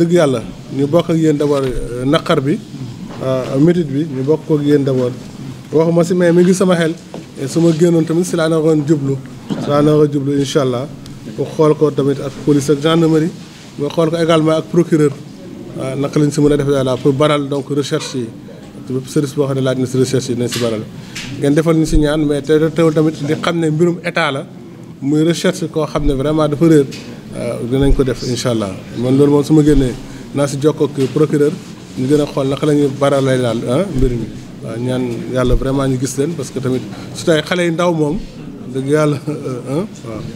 dëgg yàlla ñu bokk ak yéen d'abord euh, naqar bi euh, métit bi ñu bokk kook yéen d'abord waxuma si mais mi ngi sama xel su ma génnoon tamit si laa naroon jublu si laa naroon jublu incha allah xool ko tamit ak police ak gendarmerie mais xool ko également ak procureur ah, naka lañ si mën a def daal pour baral donc recherche yi service boo xam ne laa na si recherche yi nañ si baral ngeen defal ñu si ñaan mais te teewul tamit di xam ne mbirum état la muy recherche koo xam ne vraiment dafa réer Euh, dinañ ko def incha allah man loolu moom su ma génnee naa si jokkoo ak procureur ñu gën a xool nax la ñuy baralay laal ah, mbir mi waaw ñaan yàlla vraiment ñu gis leen parce que tamit su tey xale yu ndaw moom dëgg yàlla euh, waaw